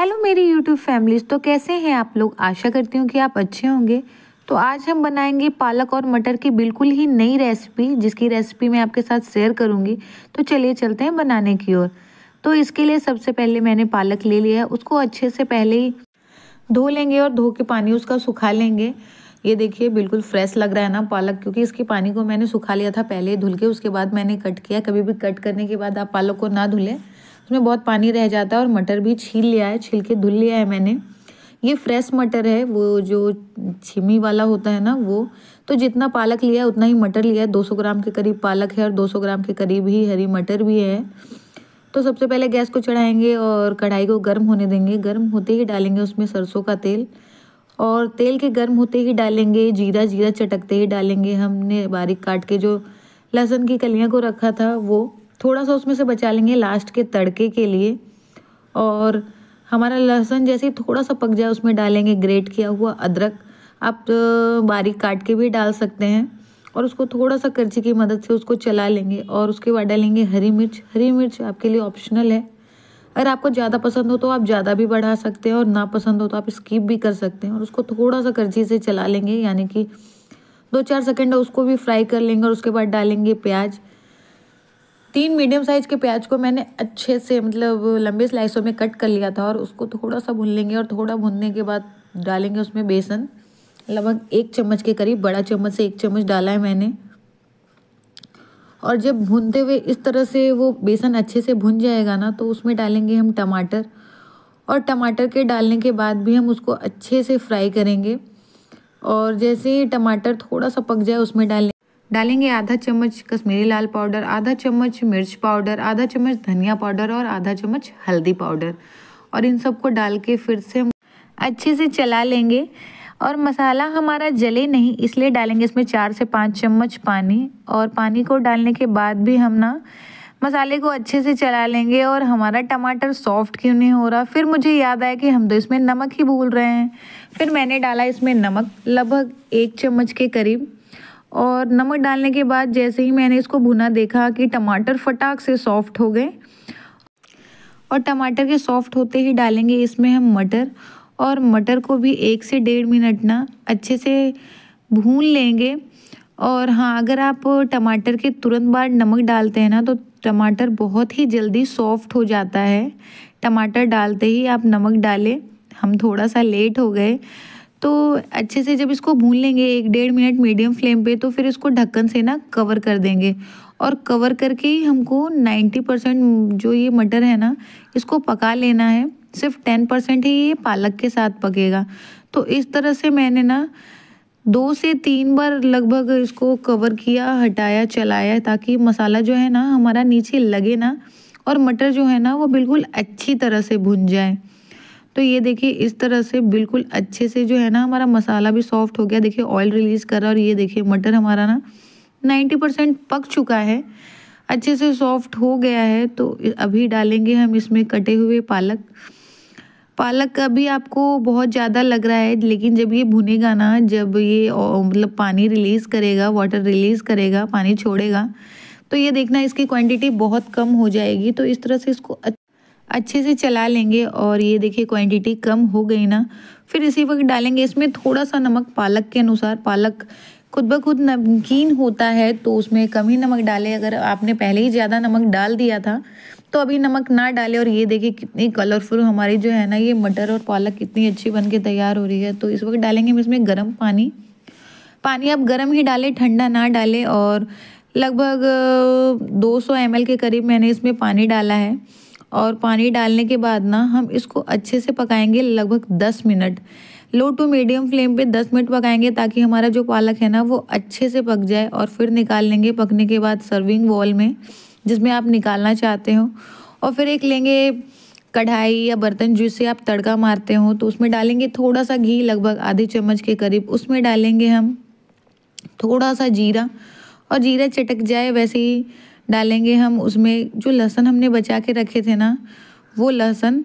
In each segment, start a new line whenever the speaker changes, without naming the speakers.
hello मेरी YouTube families तो कैसे हैं आप लोग आशा करती हूँ कि आप अच्छे होंगे तो आज हम बनाएंगे पालक और मटर की बिल्कुल ही नई रेसिपी जिसकी रेसिपी मैं आपके साथ शेयर करूँगी तो चलिए चलते हैं बनाने की ओर तो इसके लिए सबसे पहले मैंने पालक ले लिया है उसको अच्छे से पहले ही धो लेंगे और धो के पानी उसका सुखा लेंगे ये देखिए बिल्कुल फ्रेश लग रहा है ना पालक क्योंकि इसके पानी को मैंने सुखा लिया था पहले धुल के उसके बाद मैंने कट किया कभी भी कट करने के बाद आप पालक को ना धुलें उसमें बहुत पानी रह जाता है और मटर भी छील लिया है छील के धुल लिया है मैंने ये फ्रेश मटर है वो जो छिमी वाला होता है ना वो तो जितना पालक लिया है उतना ही मटर लिया है 200 ग्राम के करीब पालक है और 200 ग्राम के करीब ही हरी मटर भी है तो सबसे पहले गैस को चढ़ाएंगे और कढ़ाई को गर्म होने देंगे गर्म होते ही डालेंगे उसमें सरसों का तेल और तेल के गर्म होते ही डालेंगे जीरा जीरा चटकते ही डालेंगे हमने बारीक काट के जो लहसुन की कलियाँ को रखा था वो थोड़ा सा उसमें से बचा लेंगे लास्ट के तड़के के लिए और हमारा लहसुन जैसे ही थोड़ा सा पक जाए उसमें डालेंगे ग्रेट किया हुआ अदरक आप तो बारीक काट के भी डाल सकते हैं और उसको थोड़ा सा करछी की मदद से उसको चला लेंगे और उसके बाद डालेंगे हरी मिर्च हरी मिर्च आपके लिए ऑप्शनल है अगर आपको ज़्यादा पसंद हो तो आप ज़्यादा भी बढ़ा सकते हैं और ना पसंद हो तो आप स्किप भी कर सकते हैं और उसको थोड़ा सा करछी से चला लेंगे यानी कि दो चार सेकेंड उसको भी फ्राई कर लेंगे और उसके बाद डालेंगे प्याज तीन मीडियम साइज़ के प्याज को मैंने अच्छे से मतलब लंबे स्लाइसों में कट कर लिया था और उसको थोड़ा सा भून लेंगे और थोड़ा भूनने के बाद डालेंगे उसमें बेसन लगभग एक चम्मच के करीब बड़ा चम्मच से एक चम्मच डाला है मैंने और जब भूनते हुए इस तरह से वो बेसन अच्छे से भुन जाएगा ना तो उसमें डालेंगे हम टमाटर और टमाटर के डालने के बाद भी हम उसको अच्छे से फ्राई करेंगे और जैसे ही टमाटर थोड़ा सा पक जाए उसमें डालें डालेंगे आधा चम्मच कश्मीरी लाल पाउडर आधा चम्मच मिर्च पाउडर आधा चम्मच धनिया पाउडर और आधा चम्मच हल्दी पाउडर और इन सबको डाल के फिर से अच्छे से चला लेंगे और मसाला हमारा जले नहीं इसलिए डालेंगे इसमें चार से पाँच चम्मच पानी और पानी को डालने के बाद भी हम ना मसाले को अच्छे से चला लेंगे और हमारा टमाटर सॉफ्ट क्यों नहीं हो रहा फिर मुझे याद आया कि हम तो इसमें नमक ही भूल रहे हैं फिर मैंने डाला इसमें नमक लगभग एक चम्मच के करीब और नमक डालने के बाद जैसे ही मैंने इसको भुना देखा कि टमाटर फटाक से सॉफ्ट हो गए और टमाटर के सॉफ्ट होते ही डालेंगे इसमें हम मटर और मटर को भी एक से डेढ़ मिनट ना अच्छे से भून लेंगे और हाँ अगर आप टमाटर के तुरंत बाद नमक डालते हैं ना तो टमाटर बहुत ही जल्दी सॉफ्ट हो जाता है टमाटर डालते ही आप नमक डालें हम थोड़ा सा लेट हो गए तो अच्छे से जब इसको भून लेंगे एक डेढ़ मिनट मीडियम फ्लेम पे तो फिर इसको ढक्कन से ना कवर कर देंगे और कवर करके ही हमको 90 परसेंट जो ये मटर है ना इसको पका लेना है सिर्फ 10 परसेंट ही ये पालक के साथ पकेगा तो इस तरह से मैंने ना दो से तीन बार लगभग इसको कवर किया हटाया चलाया ताकि मसाला जो है ना हमारा नीचे लगे ना और मटर जो है ना वो बिल्कुल अच्छी तरह से भुन जाए तो ये देखिए इस तरह से बिल्कुल अच्छे से जो है ना हमारा मसाला भी सॉफ्ट हो गया देखिए ऑयल रिलीज़ कर रहा और ये देखिए मटर हमारा ना नाइन्टी परसेंट पक चुका है अच्छे से सॉफ्ट हो गया है तो अभी डालेंगे हम इसमें कटे हुए पालक पालक का भी आपको बहुत ज़्यादा लग रहा है लेकिन जब ये भुनेगा ना जब ये मतलब पानी रिलीज़ करेगा वाटर रिलीज़ करेगा पानी छोड़ेगा तो ये देखना इसकी क्वांटिटी बहुत कम हो जाएगी तो इस तरह से इसको अच्छे से चला लेंगे और ये देखिए क्वांटिटी कम हो गई ना फिर इसी वक्त डालेंगे इसमें थोड़ा सा नमक पालक के अनुसार पालक खुद ब खुद नमकीन होता है तो उसमें कम ही नमक डालें अगर आपने पहले ही ज़्यादा नमक डाल दिया था तो अभी नमक ना डालें और ये देखिए कितनी कलरफुल हमारी जो है ना ये मटर और पालक कितनी अच्छी बन के तैयार हो रही है तो इस वक्त डालेंगे हम इसमें गर्म पानी पानी आप गर्म ही डालें ठंडा ना डालें और लगभग 200 ml के करीब मैंने इसमें पानी डाला है और पानी डालने के बाद ना हम इसको अच्छे से पकाएंगे लगभग दस minute low to medium flame पे दस मिनट पकाएंगे ताकि हमारा जो पालक है ना वो अच्छे से पक जाए और फिर निकाल लेंगे पकने के बाद सर्विंग बॉल में जिसमें आप निकालना चाहते हो और फिर एक लेंगे कढ़ाई या बर्तन जिससे आप तड़का मारते हो तो उसमें डालेंगे थोड़ा सा घी लगभग आधे चम्मच के करीब उसमें डालेंगे हम थोड़ा सा जीरा और जीरा चटक जाए वैसे ही डालेंगे हम उसमें जो लहसुन हमने बचा के रखे थे ना वो लहसुन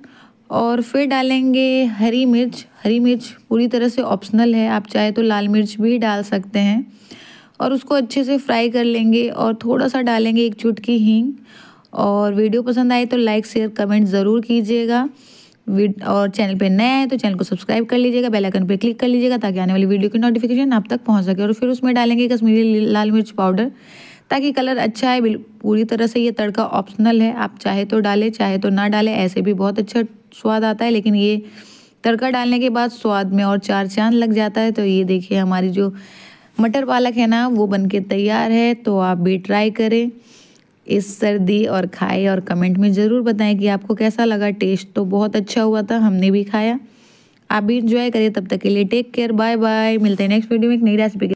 और फिर डालेंगे हरी मिर्च हरी मिर्च पूरी तरह से ऑप्शनल है आप चाहे तो लाल मिर्च भी डाल सकते हैं और उसको अच्छे से फ्राई कर लेंगे और थोड़ा सा डालेंगे एक चुटकी हींग और वीडियो पसंद आए तो लाइक शेयर कमेंट ज़रूर कीजिएगा और चैनल पर नए आए तो चैनल को सब्सक्राइब कर लीजिएगा बेल आइकन पर क्लिक कर लीजिएगा ताकि आने वाली वीडियो की नोटिफिकेशन आप तक पहुंच सके और फिर उसमें डालेंगे कश्मीरी लाल मिर्च पाउडर ताकि कलर अच्छा है पूरी तरह से ये तड़का ऑप्शनल है आप चाहे तो डालें चाहे तो ना डालें ऐसे भी बहुत अच्छा स्वाद आता है लेकिन ये तड़का डालने के बाद स्वाद में और चार चांद लग जाता है तो ये देखिए हमारी जो मटर पालक है ना वो के तैयार है तो आप भी ट्राई करें इस सर्दी और खाए और कमेंट में ज़रूर बताएं कि आपको कैसा लगा टेस्ट तो बहुत अच्छा हुआ था हमने भी खाया आप भी इंजॉय करिए तब तक के लिए टेक केयर बाय बाय मिलते हैं नेक्स्ट वीडियो में एक नई रेसिपी